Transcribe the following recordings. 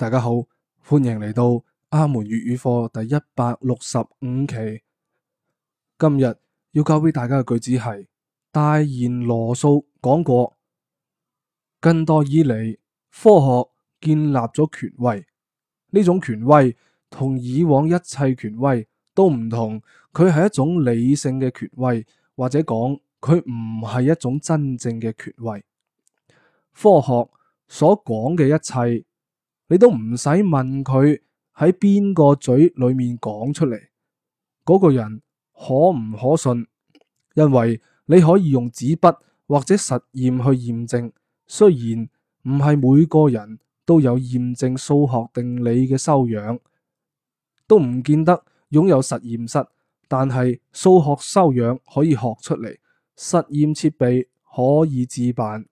大家好，歡迎嚟到阿門粵語課第一百六十五期。今日要教俾大家嘅句子係：大賢羅素講過，近代以嚟，科學建立咗權威，呢種權威同以往一切權威都唔同。佢係一種理性嘅權威，或者講佢唔係一種真正嘅權威。科學所講嘅一切，你都唔使問佢喺邊個嘴裏面講出嚟，嗰個人可唔可信？因為你可以用紙筆或者實驗去驗證。雖然唔係每個人都有驗證數學定理嘅修養，都唔見得擁有實驗室，但係數學修養可以學出嚟，實驗設備可以置辦。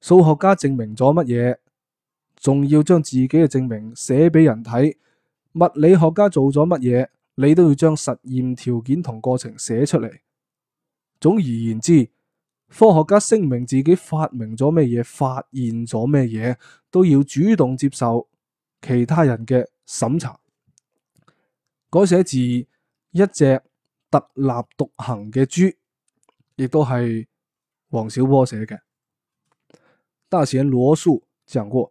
數學家證明咗乜嘢？仲要將自己嘅證明寫俾人睇，物理學家做咗乜嘢，你都要將實驗條件同過程寫出嚟。總而言之，科學家聲明自己發明咗乜嘢、發現咗乜嘢，都要主動接受其他人嘅審查。改寫自「一隻特立獨行嘅豬」，亦都係王小波寫嘅。大賢羅素講過。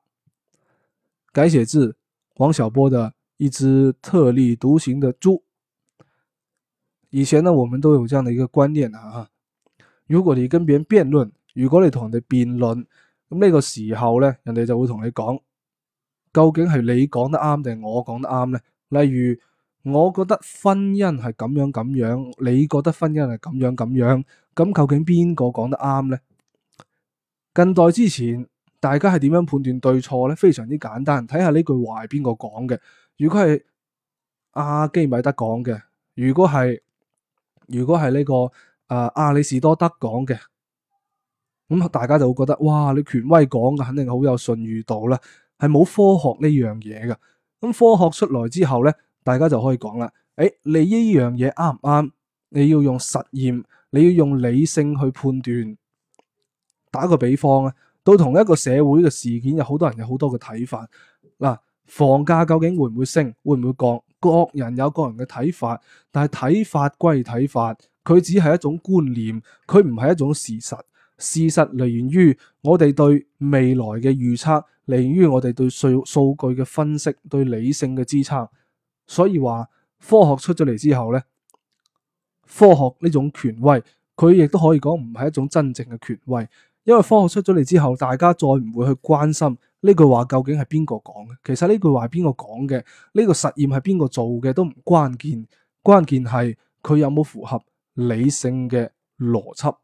改寫自王小波的一隻特立獨行的豬。以前呢，我們都有這樣的一個觀念啊。如果你跟別人辯論，如果你同人哋辯論，咁呢個時候咧，人哋就會同你講，究竟係你講得啱定係我講得啱呢？例如，我覺得婚姻係咁樣咁樣，你覺得婚姻係咁樣咁樣，咁究竟邊個講得啱呢？近代之前。大家係點樣判斷對錯咧？非常之簡單，睇下呢句話係邊個講嘅。如果係阿、啊、基米德講嘅，如果係如果係呢、這個誒亞、啊啊、里士多德講嘅，咁、嗯、大家就會覺得哇，你權威講嘅肯定好有信譽度啦。係冇科學呢樣嘢噶。咁科學出來之後咧，大家就可以講啦。誒，你呢樣嘢啱唔啱？你要用實驗，你要用理性去判斷。打個比方啊。到同一個社會嘅事件，有好多人有好多嘅睇法。嗱，房價究竟會唔會升，會唔會降？各人有各人嘅睇法，但係睇法歸睇法，佢只係一種觀念，佢唔係一種事實。事實嚟源於我哋對未來嘅預測，嚟於我哋對數數據嘅分析，對理性嘅支撐。所以話科學出咗嚟之後呢，科學呢種權威，佢亦都可以講唔係一種真正嘅權威。因為科學出咗嚟之後，大家再唔會去關心呢句話究竟係邊個講嘅。其實呢句話係邊個講嘅，呢個實驗係邊個做嘅都唔關鍵，關鍵係佢有冇符合理性嘅邏輯。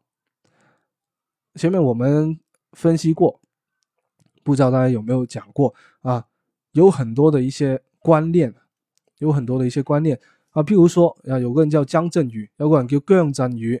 前面我們分析過，不知道大家有沒有講過啊？有很多的一些觀念，有很多的一些觀念啊。譬如說，啊，有個人叫姜振宇，有個人叫姜振宇。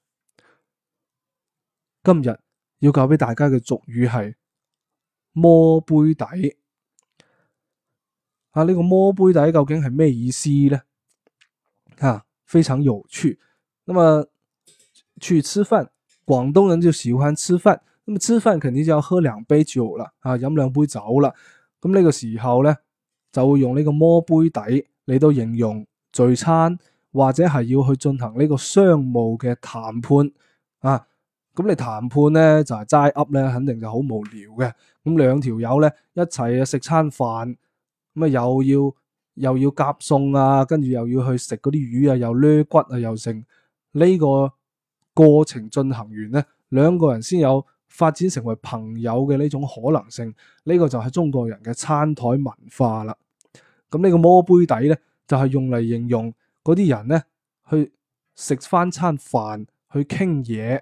今日要教俾大家嘅俗語係摸杯底啊！呢個摸杯底究竟係咩意思咧？啊，非常有趣。咁啊去吃飯，廣東人就喜歡吃飯。咁啊，吃飯肯定就要喝兩杯酒啦，啊，飲兩杯酒啦。咁呢個時候咧，就會用呢個摸杯底嚟到，形容聚餐或者係要去進行呢個商務嘅談判啊。咁你談判咧就係齋噏咧，肯定就好無聊嘅。咁兩條友咧一齊去食餐飯，咁啊又要又要夾餸啊，跟住又要去食嗰啲魚啊，又掠骨啊，又剩。呢個過程進行完咧，兩個人先有發展成為朋友嘅呢種可能性。呢個就係中國人嘅餐台文化啦。咁呢個摸杯底咧，就係用嚟形容嗰啲人咧去食翻餐飯去傾嘢。